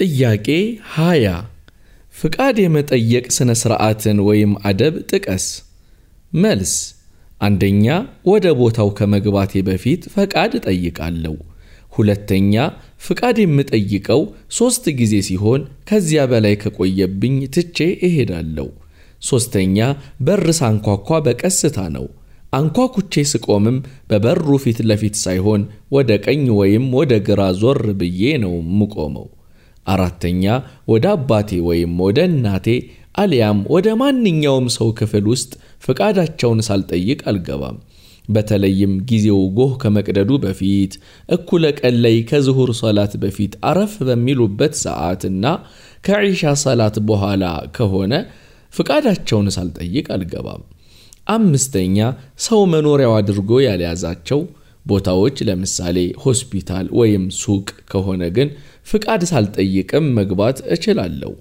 ጥያቄ 20 ፍቃድ የመጠየቅ ሥነ ሥርዓትን ወይም አደብ ጥቀስ። መልስ፣ አንደኛ ወደ ቦታው ከመግባቴ በፊት ፈቃድ እጠይቃለሁ። ሁለተኛ ፍቃድ የምጠይቀው ሦስት ጊዜ ሲሆን ከዚያ በላይ ከቆየብኝ ትቼ እሄዳለሁ። ሦስተኛ በር ሳንኳኳ በቀስታ ነው። አንኳኩቼ ስቆምም በበሩ ፊት ለፊት ሳይሆን ወደ ቀኝ ወይም ወደ ግራ ዞር ብዬ ነው የምቆመው። አራተኛ ወደ አባቴ ወይም ወደ እናቴ አሊያም ወደ ማንኛውም ሰው ክፍል ውስጥ ፈቃዳቸውን ሳልጠይቅ አልገባም። በተለይም ጊዜው ጎህ ከመቅደዱ በፊት እኩለ ቀን ላይ ከዝሁር ሰላት በፊት አረፍ በሚሉበት ሰዓትና ከዒሻ ሰላት በኋላ ከሆነ ፍቃዳቸውን ሳልጠይቅ አልገባም። አምስተኛ ሰው መኖሪያው አድርጎ ያልያዛቸው ቦታዎች ለምሳሌ ሆስፒታል ወይም ሱቅ ከሆነ ግን ፍቃድ ሳልጠይቅም መግባት እችላለሁ።